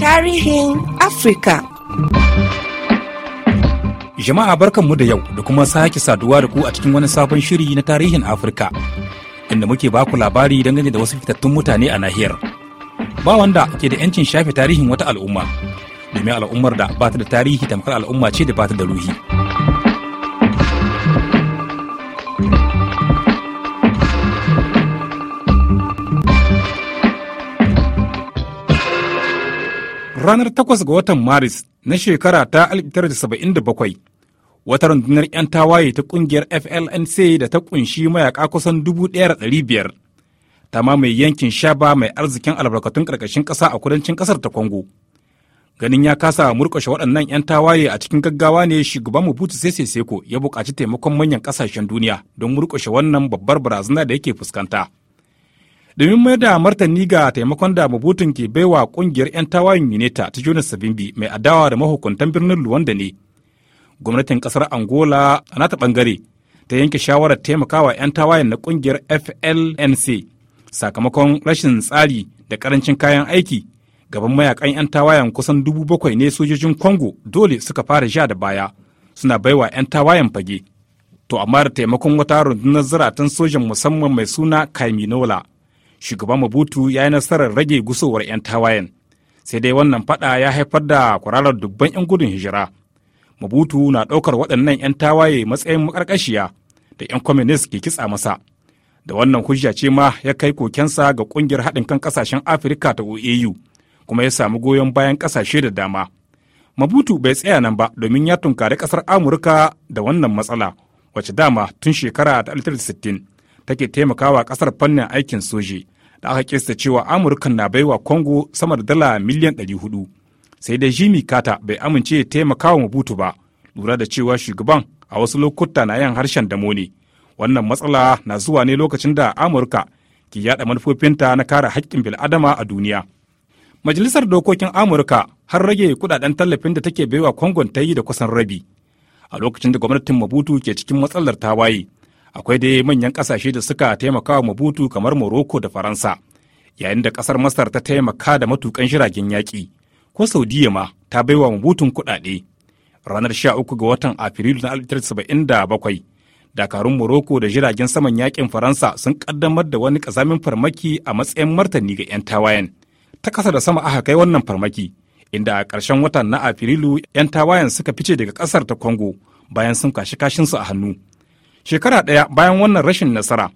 Tarihin Afrika Jama'a barkanmu da yau da kuma sake saduwa da ku a cikin wani sabon shiri na tarihin Afirka inda muke baku labari dangane da wasu fitattun mutane a nahiyar. Ba wanda ke da 'yancin shafe tarihin wata al'umma, domin al'ummar da ba ta da tarihi tamkar al'umma ce da ba ta da ruhi. ranar 8 ga watan maris na shekara ta 1977 wata rundunar 'yan tawaye ta kungiyar flnc da ta kunshi mayaka kusan 1,500 ta mai yankin shaba mai arzikin albarkatun karkashin ƙasa a kudancin ƙasar ta kongo ganin ya kasa murkushe waɗannan 'yan tawaye a cikin gaggawa ne shugaban mubutu sese seko ya buƙaci taimakon manyan ƙasashen duniya don murƙashe wannan babbar barazana da yake fuskanta domin mai da martani ga taimakon da mabutun ke baiwa kungiyar 'yan tawayen unita ta jonas sabimbi mai adawa da mahukuntan birnin luwanda ne gwamnatin kasar angola a nata bangare ta yanke shawarar taimakawa 'yan tawayen na kungiyar flnc sakamakon rashin tsari da karancin kayan aiki gaban mayakan 'yan tawayen kusan dubu bakwai ne sojojin congo dole suka fara sha da baya suna baiwa 'yan tawayen fage to amma da taimakon wata rundunar zaratan sojan musamman mai suna kaiminola shugaban mabutu ya yi nasarar rage gusowar 'yan tawayen. Sai dai wannan fada ya haifar da kwararar dubban 'yan gudun hijira. mabutu na ɗaukar waɗannan 'yan tawaye matsayin makarƙashiya da 'yan kwaminis ke kitsa masa. Da wannan hujja ce ma ya kai kokensa ga ƙungiyar haɗin kan ƙasashen Afirka ta OAU kuma ya samu goyon bayan ƙasashe da dama. Mabutu bai tsaya nan ba domin ya tunkari ƙasar Amurka da wannan matsala wacce dama tun shekara ta 1960 take taimakawa ƙasar fannin aikin soje. da aka kista cewa amurka na baiwa congo sama da dala miliyan hudu sai dai jimmy carter bai amince ya taimaka wa mabutu ba lura da cewa shugaban a wasu lokuta na yin harshen damo ne wannan matsala na zuwa ne lokacin da amurka ke yada manufofinta na kare haƙƙin bil'adama a duniya majalisar dokokin amurka har rage kudaden tallafin da take baiwa kongon ta yi da kusan rabi a lokacin da gwamnatin mabutu ke cikin matsalar ta waye akwai dai manyan kasashe da suka taimaka wa mabutu kamar morocco da faransa yayin da kasar masar ta taimaka da matukan jiragen yaƙi ko saudiya ma ta baiwa mabutun kuɗaɗe ranar 13 ga watan afrilu na 1977 dakarun morocco da jiragen saman yaƙin faransa sun kaddamar da wani ƙazamin farmaki a matsayin martani ga 'yan tawayen ta kasa da sama aka kai wannan farmaki inda a ƙarshen watan na afrilu 'yan tawayen suka fice daga ƙasar ta congo bayan sun kashi kashinsu a hannu shekara ɗaya bayan wannan rashin nasara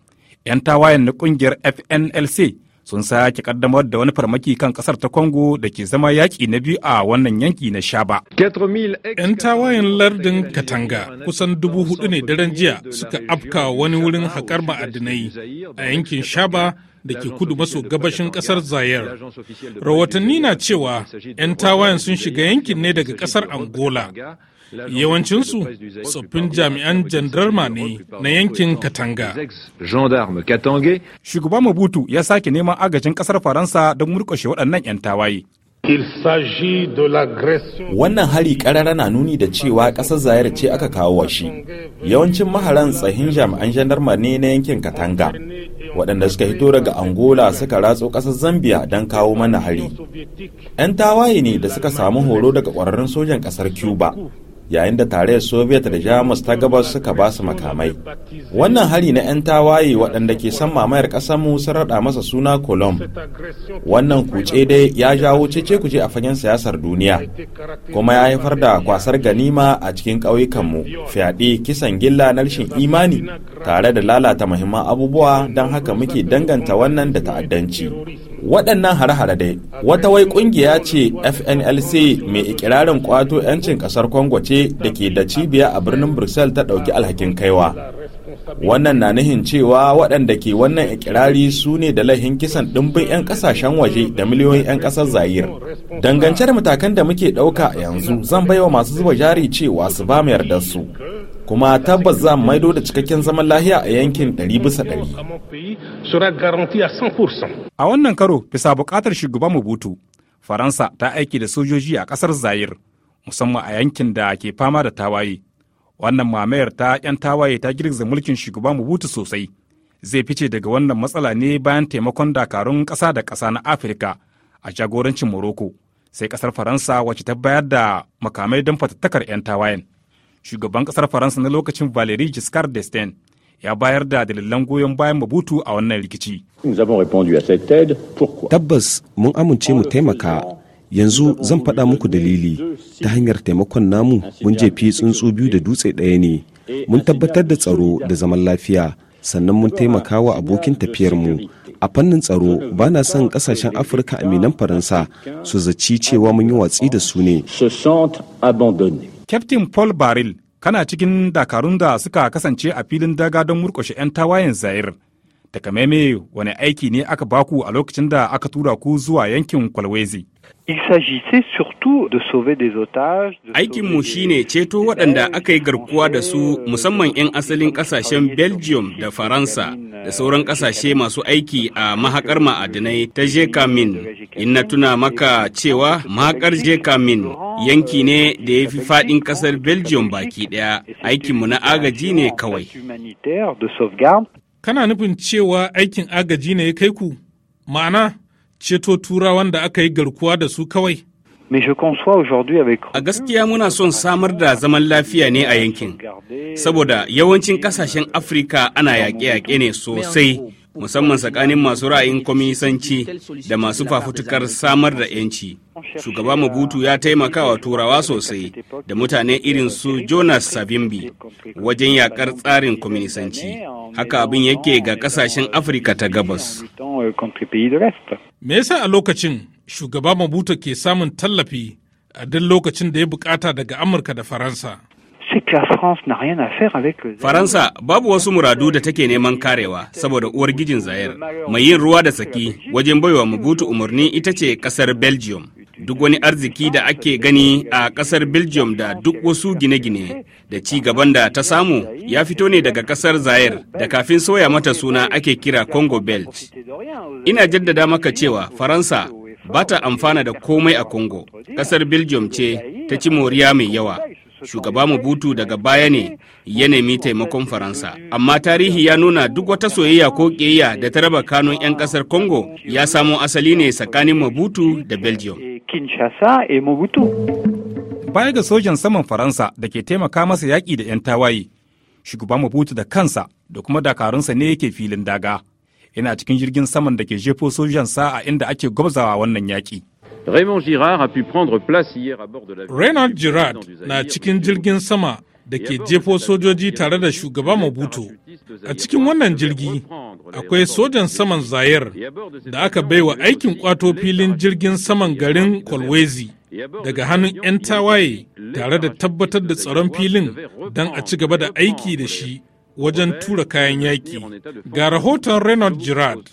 'yan tawayen na ƙungiyar fnlc sun sake kaddamar da wani farmaki kan ƙasar ta Congo da ke zama yaƙi na biyu a wannan yanki na Shaba. 'Yan tawayen lardin Katanga kusan dubu hudu ne daren jiya suka afka wani wurin haƙar ma'adinai a yankin Shaba da ke kudu maso gabashin ƙasar zayar Rahotanni na cewa 'yan tawayen sun shiga yankin ne daga ƙasar Angola. yawancinsu tsoffin jami'an jandarma ne na yankin Katanga. Shugaba mabutu ya sake neman agajin kasar Faransa don murkushe waɗannan 'yan tawaye. Wannan hari karara na nuni da cewa ƙasar Zayar ce aka kawo wa shi. Yawancin maharan tsahin jami'an jandarma ne na yankin Katanga. waɗanda suka hito daga angola suka ratso ƙasar zambia don kawo mana hari 'yan tawaye ne da suka samu horo daga ƙwararrun sojan ƙasar cuba yayin da tarayyar soviet da jamus ta gabas suka ba su makamai wannan hari na 'yan tawaye waɗanda ke san mamayar ƙasarmu sun raɗa masa suna colomb wannan kuce dai ya jawo cece kuce a fagen siyasar duniya kuma ya haifar da kwasar ganima a cikin ƙauyukanmu fyaɗe kisan gilla na rashin imani tare da lalata muhimman abubuwa don haka muke danganta wannan da ta'addanci waɗannan hare-hare dai wata wai ƙungiya ce fnlc mai ikirarin ƙwato 'yancin ƙasar congo ce da ke da cibiya a birnin brussels ta ɗauki alhakin kaiwa wannan na nihin cewa waɗanda ke wannan ikirari su ne da laihin kisan ɗimbin 'yan ƙasashen waje da miliyoyin 'yan ƙasar zayir dangance da matakan da muke ɗauka yanzu zan baiwa masu zuba jari cewa su ba mu yarda su kuma tabbas za maido da cikakken zaman lahiya a yankin 100 bisa A wannan karo bisa bukatar shugaban Mobutu, Faransa ta aiki da sojoji a kasar Zayir, musamman a yankin da ke fama da tawaye. Wannan mamayar ta 'yan tawaye ta girgiza mulkin shugaban Mobutu sosai. Zai fice daga wannan matsala ne bayan taimakon dakarun ƙasa da ƙasa na Afirka a jagorancin Morocco, sai ƙasar Faransa wacce ta bayar da makamai don fatattakar 'yan tawayen. shugaban kasar faransa na lokacin valerie giscard d'estaing ya bayar da dalilan goyon bayan mabutu a wannan rikici tabbas mun amince mu taimaka yanzu zan faɗa muku dalili ta hanyar taimakon namu mun jefi tsuntsu biyu da dutse ɗaya ne mun tabbatar da tsaro da zaman lafiya sannan mun taimaka wa abokin tafiyar mu a fannin tsaro ba na son kasashen afirka aminan faransa su zaci cewa mun yi watsi da su ne Kyaftin Paul Baril kana cikin dakarun da suka kasance a filin daga don murkushe 'yan tawayen Zair. Takamaime wani aiki ne aka baku a lokacin da aka tura ku zuwa yankin Kwalwezi. Aikinmu shi ne ceto waɗanda aka yi garkuwa da su musamman 'yan asalin ƙasashen Belgium da Faransa da sauran ƙasashe masu aiki a mahakar ma'adinai ta Jekamin. In na tuna maka cewa mahakar Jekamin yanki ne da ya fi fadin kasar belgium baki ɗaya aikinmu na agaji ne kawai kana nufin cewa aikin agaji ne ya kai ku ma'ana ceto turawan da aka yi garkuwa da su kawai A gaskiya muna son samar da zaman lafiya ne a yankin, saboda yawancin kasashen Afirka ana yaƙe-yaƙe ne sosai musamman tsakanin masu ra'ayin kwamisanci da masu fafutukar samar da 'yanci. Shugaba Mabutu ya taimaka wa turawa sosai da mutane irin su Jonas Savimbi wajen yakar tsarin kwaminisanci. Haka abin yake ga kasashen Afirka ta gabas. Me yasa a lokacin shugaba Mabutu ke samun tallafi a duk lokacin da ya bukata daga Amurka da Faransa? Euh, Faransa babu wasu muradu da take neman karewa saboda uwar gijin zayar mai yin ruwa da saki wajen baiwa mugutu umarni ita ce kasar Belgium duk wani arziki da ake gani a kasar Belgium da duk wasu gine-gine da ci gaban da ta samu ya fito ne daga kasar Zaire da kafin soya mata suna ake kira Congo Belge ina jaddada maka cewa Faransa ba ta amfana da komai a Congo kasar Belgium ce ta ci moriya mai yawa shugaba Mobutu daga baya ne ya nemi taimakon Faransa. Amma tarihi ya nuna duk wata soyayya ko ƙiyayya da ta raba kanun 'yan ƙasar Congo ya samo asali ne tsakanin Mobutu da Belgium. E baya ga sojan saman Faransa da ke taimaka masa yaƙi da 'yan tawaye, shugaba Mobutu da kansa da kuma dakarunsa ne yake filin daga. Yana cikin jirgin saman da ke jefo sojan a inda ake gwabzawa wannan yaƙi. Raymond Girard a pu prendre na cikin jirgin sama da ke jefo sojoji tare da shugaba Mobutu. A cikin wannan jirgi akwai sojan saman zayar da aka baiwa aikin kwato filin jirgin saman garin Kolwezi daga hannun 'yan tawaye tare da tabbatar da tsaron filin don a ci gaba da aiki da shi wajen tura kayan yaki Ga rahoton Reynald Girard.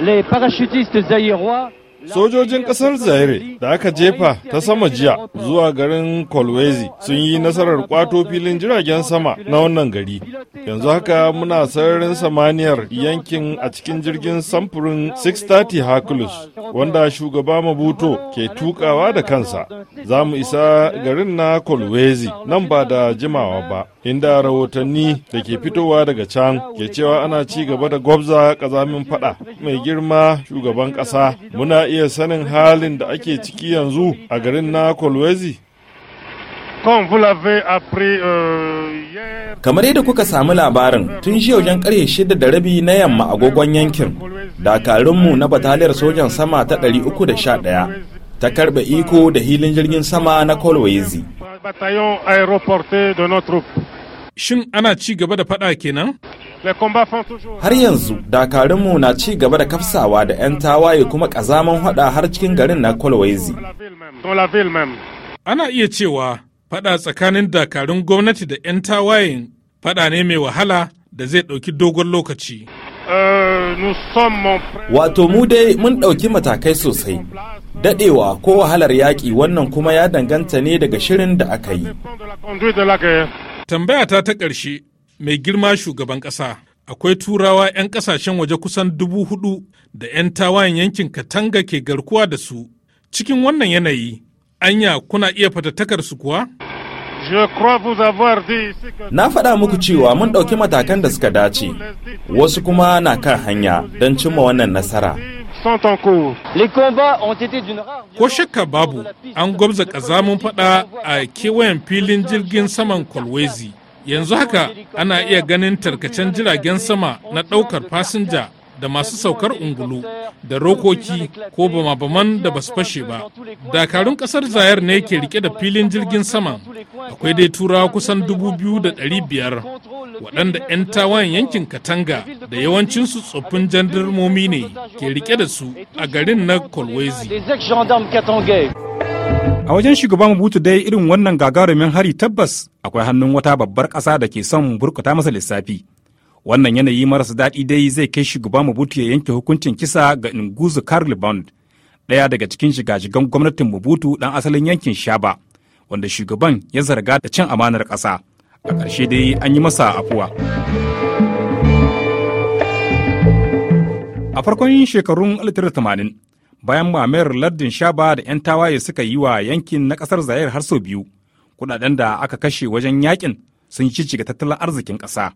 les parachutistes zaïrois. Sojojin ƙasar Zaire da aka jefa ta sama jiya zuwa garin Kolwezi sun yi nasarar kwato filin jiragen sama na wannan gari. Yanzu haka muna sararin samaniyar yankin a cikin jirgin samfurin 630 Hercules wanda shugaba Mabuto ke tukawa da kansa. Za mu isa garin na Kolwezi nan ba da jimawa ba, inda rahotanni da ke fitowa daga can ke cewa ana ci gaba da gwabza ƙazamin faɗa, mai girma shugaban ƙasa. Muna iya iya sanin halin da ake ciki yanzu a garin na kolwezi euh, kamar yadda kuka samu labarin tun shi wajen karye shida da rabi na yamma agogon yankin dakarunmu na bataliyar sojan sama ta 311 ta karbe iko da hilin jirgin sama na kolwezi Shin ana ci gaba da faɗa kenan? Har yanzu dakarunmu na ci gaba da kafsawa da 'yan tawaye kuma ƙazaman haɗa har cikin garin na Kolwezi. Ana iya cewa faɗa tsakanin dakarun gwamnati da 'yan tawayen faɗa ne mai wahala da zai ɗauki dogon lokaci. Euh, Wato mu dai mun ɗauki matakai sosai. Daɗewa ko wahalar yaƙi wannan kuma ya danganta ne daga shirin da aka yi. Tambayata ta ƙarshe mai girma shugaban ƙasa. Akwai turawa 'yan ƙasashen waje kusan dubu hudu da 'yan tawayen yankin Katanga ke garkuwa da su. Cikin wannan yanayi, anya kuna iya fatattakar su kuwa? Na faɗa muku cewa mun ɗauki matakan da suka dace, wasu kuma na kan hanya don cimma wannan nasara. Ko shakka babu an gwabza ƙazamin fada a kewayen filin jirgin saman Kolwezi. Yanzu haka ana iya ganin tarkacen jiragen sama na ɗaukar fasinja da masu saukar ungulu da rokoki ko bama-baman da basu fashe ba dakarun kasar zayar ne ke rike da filin jirgin sama akwai dai turawa kusan dubu biyu da ɗari biyar waɗanda 'yan tawayen yankin katanga da yawancinsu tsoffin jandarmomi ne ke rike da su a garin na kolwezi a wajen shugaban Mabutu dai irin wannan gagarumin hari tabbas akwai hannun wata babbar ƙasa da ke son burkuta masa lissafi wannan yanayi marasa daɗi dai zai kai shugaba mabutu ya yanke hukuncin kisa ga Nguzu Karl Bond, ɗaya daga cikin shiga-shigan gwamnatin Mobutu ɗan asalin yankin Shaba, wanda shugaban ya zarga da cin amanar ƙasa. A ƙarshe dai an yi masa afuwa. A farkon shekarun 1980, bayan mamayar lardin Shaba da 'yan tawaye suka yi wa yankin na ƙasar Zayar har sau biyu, kudaden da aka kashe wajen yakin sun ci tattalin arzikin ƙasa.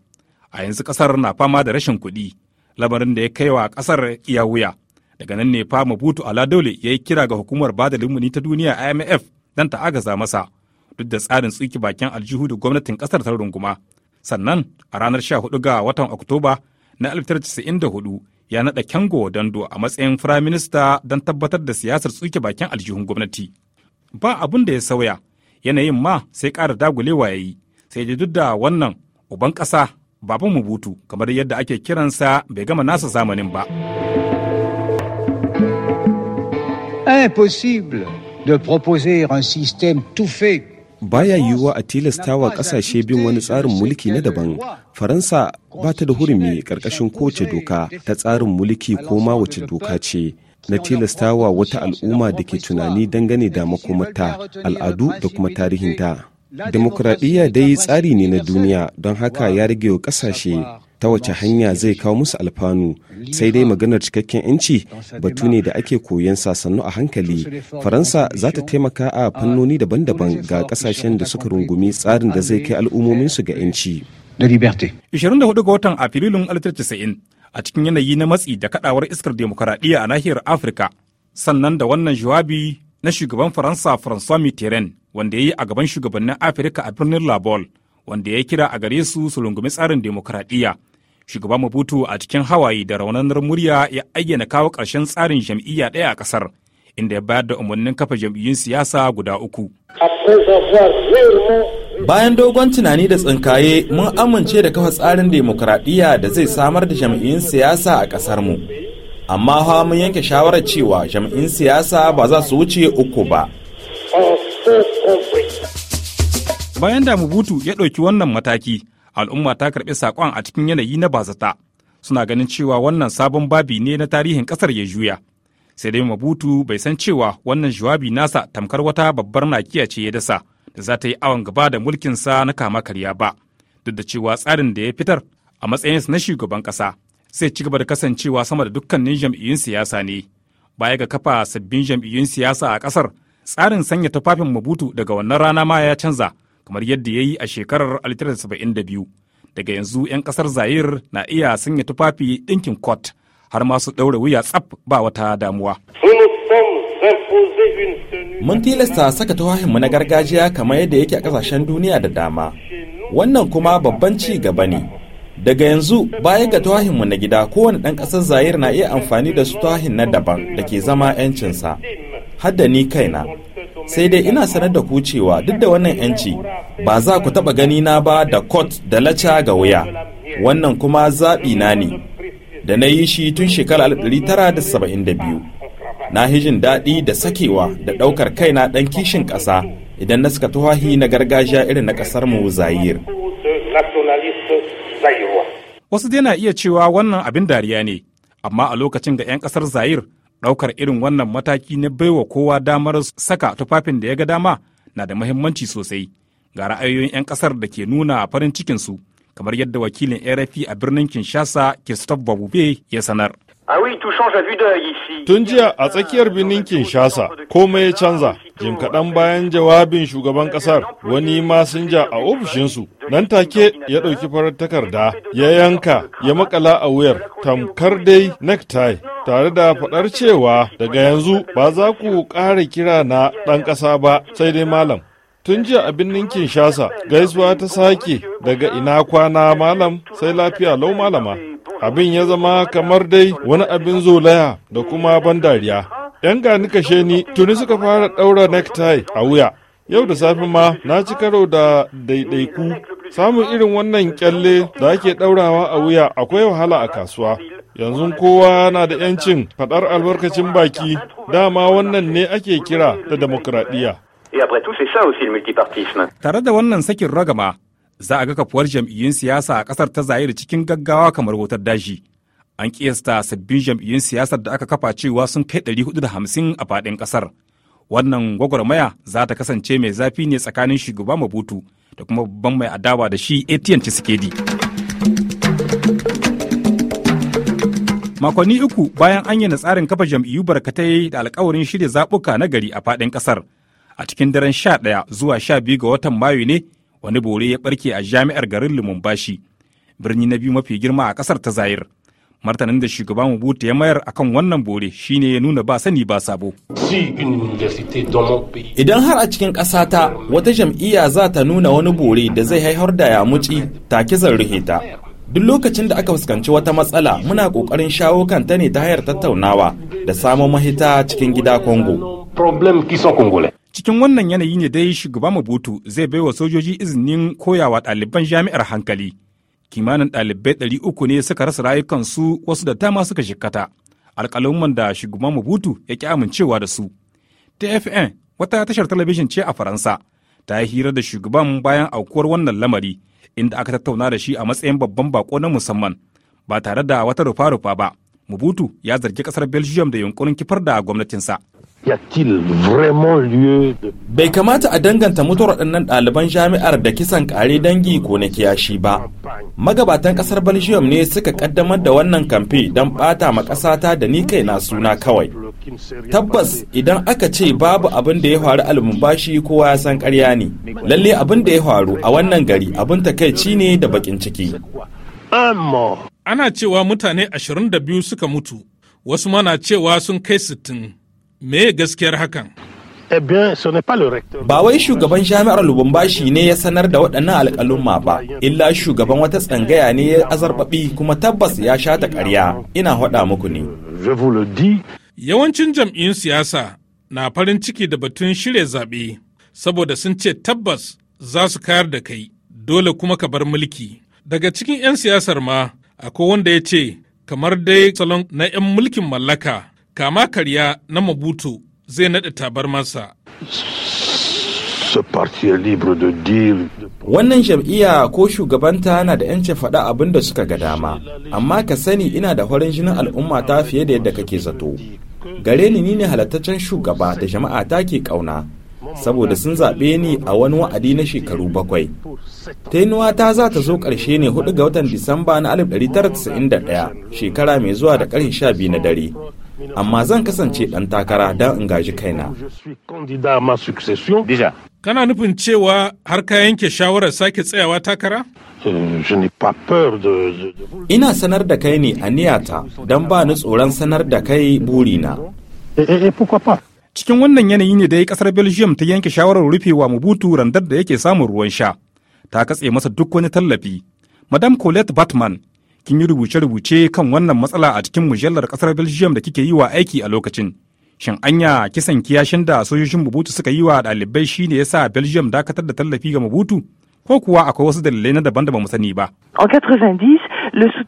a yanzu kasar na fama da rashin kuɗi lamarin da ya kai wa kasar iya wuya daga nan ne fa mabutu ala dole ya yi kira ga hukumar bada limuni ta duniya imf don ta agaza masa duk da tsarin tsuki bakin aljihu da gwamnatin kasar ta runguma sannan a ranar sha hudu ga watan oktoba na hudu ya naɗa kyango dando a matsayin firaminista don tabbatar da siyasar tsuki bakin aljihun gwamnati ba abin da ya sauya yanayin ma sai kara dagulewa ya yi sai da duk da wannan uban ƙasa Baba Mubutu kamar yadda ake kiransa bai gama nasa zamanin ba. Impossible de proposer un système tout fait baya yiwuwa a tilasta wa kasashe bin wani tsarin mulki na daban faransa ba ta da hurumi karkashin kowace doka ta tsarin mulki ko ma wace doka ce na tilastawa wata al'umma da ke tunani dangane da makomata al'adu da kuma tarihinta Demokradiyya dai tsari ne na duniya don haka ya rage wa ƙasashe ta wace hanya zai kawo musu alfanu sai dai maganar cikakken yanci batu ne da ake koyon sasannu a hankali faransa za ta taimaka a fannoni daban-daban ga kasashen da suka rungumi tsarin da zai kai al'ummominsu ga yanci 24 ga watan afrilun 1990 a cikin yanayi na matsi da kadawar iskar demokaradiyya a nahiyar afirka sannan da wannan jawabi na shugaban faransa francois wanda ya yi a gaban shugabannin afirka a birnin labol wanda ya kira a gare su su rungumi tsarin demokuraɗiyya shugaban mabutu a cikin hawaye da raunanar murya ya ayyana kawo ƙarshen tsarin jam'iyya ɗaya a ƙasar inda ya bayar da umarnin kafa jam'iyyun siyasa guda uku bayan dogon tunani da tsinkaye mun amince da kafa tsarin demokuraɗiyya da zai samar da jam'iyyun siyasa a ƙasar mu amma hawa mun yanke shawarar cewa jam'iyyun siyasa ba za su wuce uku ba Bayan da Mubutu ya ɗauki wannan mataki, al'umma ta karɓi saƙon a cikin yanayi na bazata. Suna ganin cewa wannan sabon babi ne na tarihin ƙasar ya juya. Sai dai Mabutu bai san cewa wannan jawabi nasa tamkar wata babbar nakiya ce ya dasa da za ta yi awon gaba da mulkinsa na kama karya ba. Duk da cewa tsarin da ya fitar a matsayinsa na shugaban ƙasa sai ci gaba da kasancewa sama da dukkanin jam'iyyun siyasa ne. Baya ga kafa sabbin jam'iyyun siyasa a ƙasar tsarin sanya tufafin mabutu daga wannan rana ma ya canza kamar yadda ya yi a shekarar 1972 daga yanzu 'yan kasar zayir na iya sanya tufafi ɗinkin kot har ma su ɗaure wuya tsaf ba wata damuwa mun tilasta saka tufafinmu na gargajiya kamar yadda yake a ƙasashen duniya da dama wannan kuma babban ci gaba ne daga yanzu baya ga tufafinmu na gida kowane ɗan ƙasar zayir na iya amfani da su tufafin na daban da ke zama 'yancinsa har da ni kaina sai dai ina sanar da ku cewa duk da wannan yanci ba za ku taɓa gani na ba da kot da laca ga wuya wannan kuma zaɓi na ne da na yi shi tun shekarar 1972 na hijin daɗi da sakewa da ɗaukar kaina ɗan kishin ƙasa idan na suka tuhahi na gargajiya irin na ƙasar mu zayir wasu dai na iya cewa wannan abin dariya ne amma a lokacin ga 'yan ƙasar zayir ɗaukar irin wannan mataki na baiwa kowa damar saka tufafin da ya ga dama na da muhimmanci sosai ga ra'ayoyin 'yan ƙasar da ke nuna farin cikinsu kamar yadda wakilin rfi a birnin kinshasa christophe babube ya sanar Ah Tun jiya a tsakiyar birnin Kinshasa komai ya canza, jim kaɗan bayan jawabin shugaban ƙasar wani masinja a ofishinsu nan take ya ɗauki farar takarda ya yanka ya makala a wuyar tamkar dai necktie tare da faɗar cewa daga yanzu ba za ku ƙara kira na ɗan ƙasa ba sai dai malam. Tun jiya a birnin Kinshasa gaisuwa ta sake daga ina kwana malam sai lafiya lau malama. abin ya zama kamar dai wani abin zolaya da kuma ban dariya. 'Yan gani kashe ni tuni suka fara ɗaura necktie a wuya. Yau da safe ma na ci karo da daidaiku. Samun irin wannan kyalle da ake ɗaurawa a wuya akwai wahala a kasuwa. Yanzu kowa na da 'yancin faɗar albarkacin baki dama wannan ne ake kira da demokradiyya. Tare da wannan sakin ragama za a ga kafuwar jam'iyyun siyasa a ƙasar ta zayir cikin gaggawa kamar wutar daji. An kiyasta sabbin jam'iyyun siyasar da aka kafa cewa sun kai hudu da hamsin a faɗin kasar Wannan gwagwarmaya za ta kasance mai zafi ne tsakanin shugaba Mabutu da kuma babban mai adawa da shi ATN Tshisekedi. Makonni uku bayan an yana tsarin kafa jam'iyyu barkatai da alkawarin shirya zaɓuka na gari a faɗin ƙasar. A cikin daren sha ɗaya zuwa sha biyu ga watan Mayu ne wani bore ya barke a jami'ar garin lumumbashi birni na biyu mafi girma a kasar ta zayir martanin da shugaban Mobutu ya mayar akan wannan bore shine ya nuna ba sani ba sabo. Idan har a cikin ƙasata wata jam'iyya za ta nuna wani bore da zai haihar da yamuci take zan ruhe ta. duk lokacin da aka fuskanci wata matsala muna kokarin shawo kanta ne ta hanyar tattaunawa da samo mahita cikin gida congo cikin wannan yanayi ne dai shugaba mabutu zai bai wa sojoji izinin koyawa ɗaliban jami'ar hankali kimanin ɗalibai ɗari uku ne suka rasa rayukansu wasu da dama suka shikata alƙalumman da shugaba mabutu ya ƙi amincewa da su tfn wata tashar talabijin ce a faransa ta yi hira da shugaban bayan aukuwar wannan lamari inda aka tattauna da shi a matsayin babban bako na musamman ba tare da wata rufa-rufa ba mubutu ya zargi kasar belgium da yunkurin kifar da gwamnatinsa Bai kamata a danganta mutuwar waɗannan ɗaliban jami'ar da kisan ƙare dangi ko na kiyashi ba. Magabatan ƙasar Belgium ne suka ƙaddamar da wannan kamfe don ɓata ma ƙasata da ni kai na suna kawai. Tabbas idan aka ce babu abin da ya faru almumbashi kowa ya san ƙarya ne. Lalle abin da ya faru a wannan gari abin takaici ne da baƙin ciki. Ana cewa mutane 22 suka mutu, wasu mana cewa sun kai sittin. me gaskiyar hakan eh Ba wai shugaban jami'ar Lubumbashi ne ya sanar da waɗannan alƙalumma ba, illa shugaban wata tsangaya ne ya azarbaɓi kuma tabbas ya sha ta ƙarya, ina haɗa muku ne. Yawancin jam'iyyun siyasa na farin ciki da batun shirya zaɓe, saboda sun ce tabbas za su kayar da kai, dole kuma ka bar mulki. Daga cikin 'yan siyasar ma, akwai wanda ya ce, kamar dai salon na 'yan mulkin mallaka kama karya na mabutu zai naɗa tabarmarsa. Wannan jam'iyya ko shugabanta na da 'yancin faɗa abin da suka ga dama, amma ka sani ina da horin jinin al'umma ta fiye da yadda kake zato. Gare ni ni ne halattaccen shugaba da jama'a ta ke ƙauna, saboda sun zaɓe ni a wani wa'adi na shekaru bakwai. Tainuwa ta za ta zo ƙarshe ne 4 ga watan Disamba na 1991, shekara mai zuwa da ƙarshe 12 na dare. amma zan kasance ɗan takara don in gaji kaina. Kana nufin cewa har ka yanke shawarar sake tsayawa takara? Euh, Ina sanar da kai ne a niyata don ba ni tsoron sanar da kai burina. Cikin wannan yanayi ne da yi kasar Belgium ta yanke shawarar rufe wa mubutu randar da yake samun ruwan sha. Ta katse masa duk wani tallafi. Madam Colette Batman kin yi rubuce-rubuce kan wannan matsala a cikin mujallar kasar belgium da kike yi wa aiki a lokacin shin anya kisan kiyashin da sojojin mabutu suka yi wa ɗalibai ya sa belgium dakatar da tallafi ga mabutu ko kuwa akwai wasu dalilai na daban da ba mu sani ba. En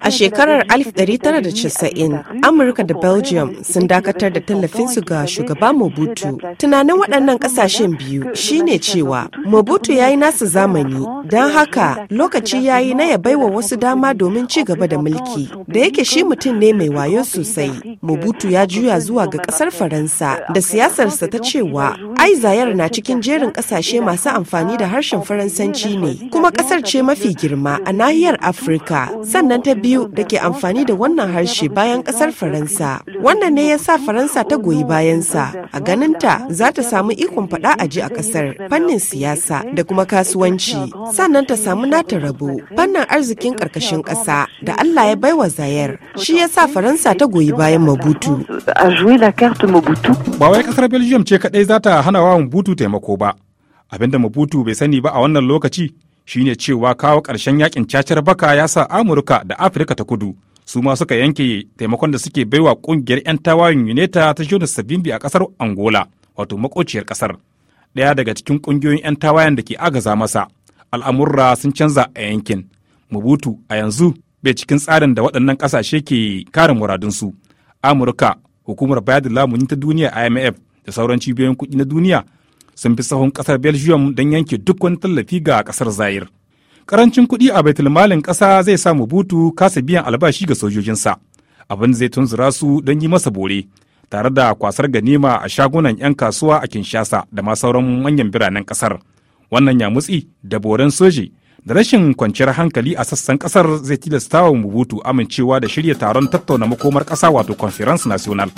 A shekarar 1990, Amurka da Belgium sun dakatar da tallafinsu ga shugaba Mobutu. Tunanin waɗannan ƙasashen biyu shine cewa Mobutu ya yi nasu zamani, don haka lokaci ya yi na ya baiwa wasu dama domin ci gaba da mulki. Da yake shi mutum ne mai wayo sosai, Mobutu ya juya zuwa ga ƙasar Faransa da siyasarsa ta cewa ai zayar na cikin jerin ƙasashe masu amfani da harshen Faransanci ne, kuma ƙasar ce mafi girma a nahiyar Afirka. Sannan nan ta biyu da ke amfani da wannan harshe bayan kasar Faransa. Wannan ne ya sa Faransa ta goyi bayansa. A ganinta za ta samu ikon faɗa a ji a kasar fannin siyasa da kuma kasuwanci. Sannan ta samu nata rabo fannin arzikin ƙarƙashin ƙasa da Allah ya baiwa Zayar. Shi ya sa Faransa ta goyi bayan Mabutu. Ba wai kasar Belgium ce kaɗai za ta hana wa Mabutu taimako ba. Abinda Mabutu bai sani ba a wannan lokaci shine cewa kawo ƙarshen yakin cacar baka ya sa amurka da afirka ta kudu su ma suka yanke taimakon da suke baiwa kungiyar 'yan tawayen uneta ta jonas sabimbi a kasar angola wato makociyar kasar ɗaya daga cikin ƙungiyoyin 'yan tawayen da ke agaza masa al'amurra sun canza a yankin mubutu a yanzu bai cikin tsarin da waɗannan ƙasashe ke kare muradunsu amurka hukumar bayar da lamuni ta duniya imf da sauran cibiyoyin kuɗi na duniya sun fi sahun kasar belgium don yanke duk wani tallafi ga kasar zayir ƙarancin kuɗi a baitulmalin ƙasa zai sa butu kasa biyan albashi ga sojojinsa abin zai tunzura su don yi masa bore tare da kwasar ganima a shagunan 'yan kasuwa a kinshasa da ma sauran manyan biranen ƙasar wannan ya mutsi da boren soji da rashin kwanciyar hankali a sassan ƙasar zai tilasta wa mubutu amincewa da shirya taron tattauna makomar ƙasa wato conference national